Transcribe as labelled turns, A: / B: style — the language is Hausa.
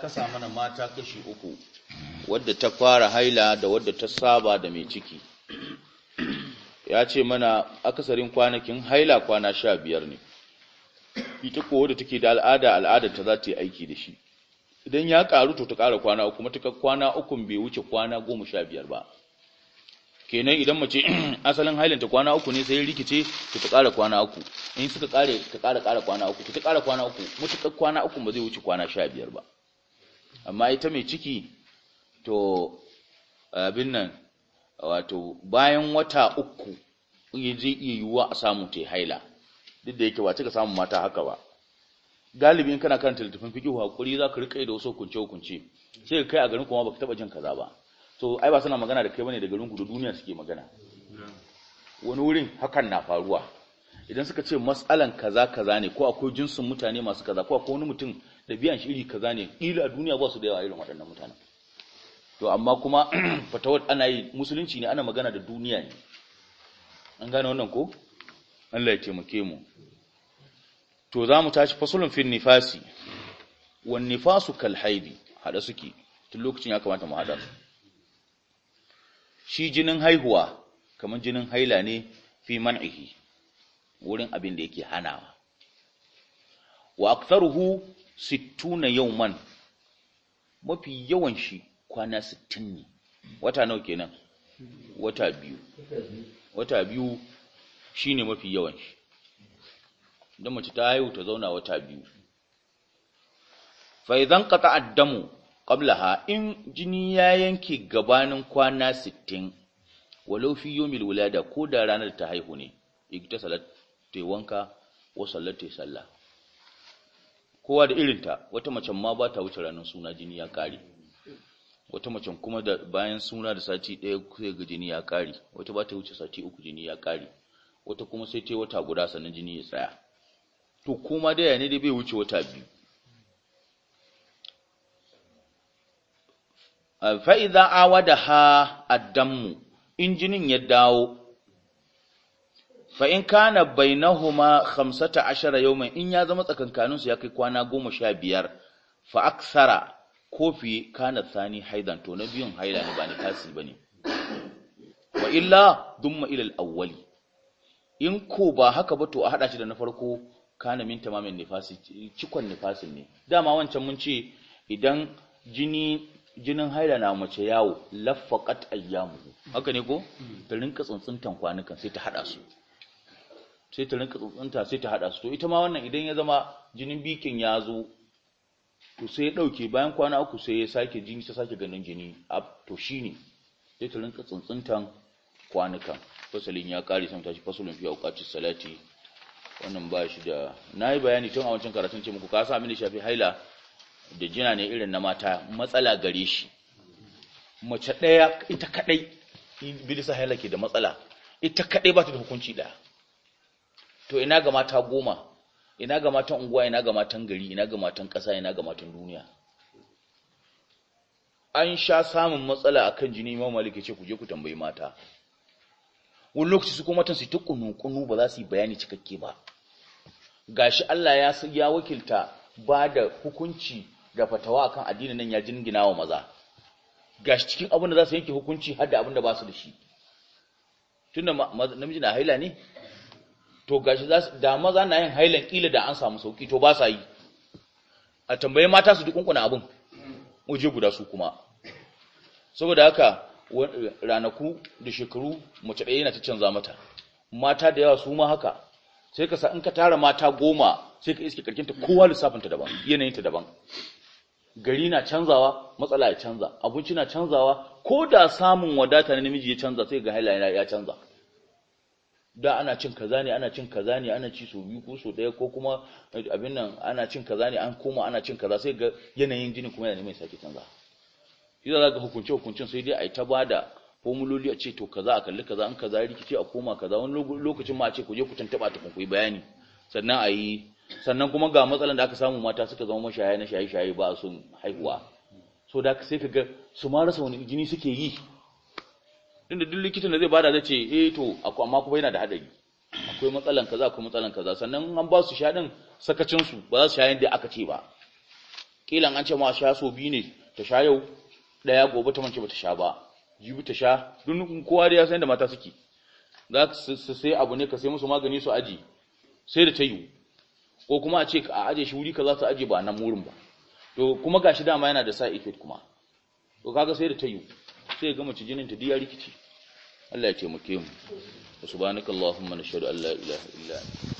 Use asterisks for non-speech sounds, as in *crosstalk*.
A: kasa mana mata kashi uku wadda ta fara haila da wadda ta saba da mai ciki ya ce mana akasarin kwanakin haila kwana sha biyar ne ita ko wadda take da al'ada al'ada ta za ta yi aiki da shi idan ya karu to ta kara kwana uku matuƙar kwana ukun bai wuce kwana goma sha biyar ba kenan idan mace *clears throat* asalin hailanta kwana uku ne sai rikice to ta kara kwana uku in suka kare ta kara kara kwana uku ta kara kwana uku matuƙar kwana uku ba zai wuce kwana sha biyar ba amma ita mai ciki to abin nan wato bayan wata uku zai iya yiwuwa a samu ta haila duk da yake ba ka samun mata haka ba galibin kana karanta littafin fiqh hakuri ka rika da wasu kunce hukunce sai kai a garin kuma baka taba jin kaza ba to ai ba suna magana da kai bane da garin ku duniya suke magana wani wurin hakan na faruwa idan suka ce matsalan kaza kaza ne ko akwai jinsin mutane masu kaza ko akwai wani mutum biyan shi iri kaza ne kila duniya ba su da yawa irin waɗannan mutanen to amma kuma *clears throat* fatawar ana yi musulunci ne ana magana da duniya ne an gane wannan ko Allah ya taimake mu to za mu tashi fasulun fin nifasi wan nifasu kal haidi hada suke tun lokacin ya kamata mu hada shi jinin haihuwa kamar jinin haila ne fi man'ihi wurin abin da yake hanawa wa aktharuhu sittuna man mafi yawan shi kwana sittin ne wata nawa kenan wata biyu wata biyu shine mafi yawan shi idan mace ta haihu ta zauna wata biyu fa idan qata addamu qablaha in jini ya yanke gabanin kwana sittin. walau fi yawmil wulada, ko da ranar ta haihu ne igta salat ta wanka ko sallar ta sallah kowa da irin ta, wata macen ma ba ta wuce ranar suna jini ya kare wata macen kuma da bayan suna da sati ɗaya sai ga jini ya kare wata ba ta wuce sati uku jini ya kare wata kuma sai ta wata guda sannan jini ya tsaya to kuma da ne dai bai wuce wata biyu fa'iza da ha addammu in jinin ya dawo fa in kana bainahuma 15 yawman in ya zama tsakankanin su ya kai kwana goma 15 fa aksara ko fi kana sani haidan to na biyun haida ba ni kasi bane wa illa dumma ila al-awwali in ko ba haka ba to a hada shi da na farko kana min tamamin nifasi cikon nifasin ne dama wancan mun ce idan jini jinin haida na mace yawo laffaqat ayyamu haka ne ko ta rinka tsuntsuntan kwanukan sai ta hada su sai ta rinka tsuntsunta sai ta hada su to ita ma wannan idan ya zama jinin bikin ya zo to sai ya dauke bayan kwana uku sai ya sake jini ta sake ganin jini to shine sai ta rinka tsuntsuntan kwanukan fasalin ya kare sai tashi fasalin fi auqati salati wannan ba shi da nayi bayani tun a wancan karatun ce muku ka sa mini shafi haila da jina ne irin na mata matsala gare shi mace daya ita kadai bilisa haila ke da matsala ita kadai ba ta da hukunci daya to ina ga mata goma ina ga matan unguwa ina ga matan gari ina ga matan ƙasa ina ga matan duniya an sha samun matsala akan jini imam malik ce ku je ku tambayi mata wani lokaci su kuma matan su ta kunu ba za su yi bayani cikakke ba gashi Allah ya ya wakilta ba da hukunci da fatawa akan addinin nan ya jingina wa maza gashi cikin abin da za su yanke hukunci har da abin da ba su da shi tunda namiji na haila ne to gashi za da maza na yin hailan kila da an samu sauki to ba sa yi a tambaye mata su kuna abin waje guda su kuma saboda haka ranaku da shekaru mace ɗaya yana ta canza mata mata da yawa su ma haka sai ka sa in ka tara mata goma sai ka iske karkinta kowa lissafinta daban yanayinta daban gari na canzawa matsala ya canza abinci na canzawa ko da samun wadata na namiji ya canza sai ga haila ya canza da ana cin kaza ne ana cin kaza ne ana ci sau biyu ko sau ɗaya ko kuma abin nan ana cin kaza ne an koma ana cin kaza sai ga yanayin jinin kuma yana neman sake canza shi za ga hukunce hukuncin sai dai a ta ba da formuloli a ce to kaza a kalli kaza an kaza rikici a koma kaza wani lokacin ma a ce ku je ku tantaba ta kun bayani sannan a yi sannan kuma ga matsalan da aka samu mata suka zama mashaya na shaye-shaye ba su haihuwa so da sai ka ga su ma rasa wani jini suke yi inda duk likitan da zai bada zai ce eh to akwai amma kuma yana da hadari akwai matsalan kaza akwai matsalan kaza sannan an ba su sha sakacin su ba za su sha yanda aka ce ba kilan an ce ma sha so bi ne ta sha yau daya gobe ta mance bata sha ba jibi ta sha duk kowa da ya san da mata suke za su sai abu ne ka sai musu magani su aji sai da ta ko kuma a ce a aje shi wuri kaza su aje ba nan wurin ba to kuma gashi dama yana da sa effect kuma to kaga sai da ta yiwu sai ga mace jinin ta diya rikici Allah ya taimake mu subhanakallahumma nashhadu an la ilaha illa anta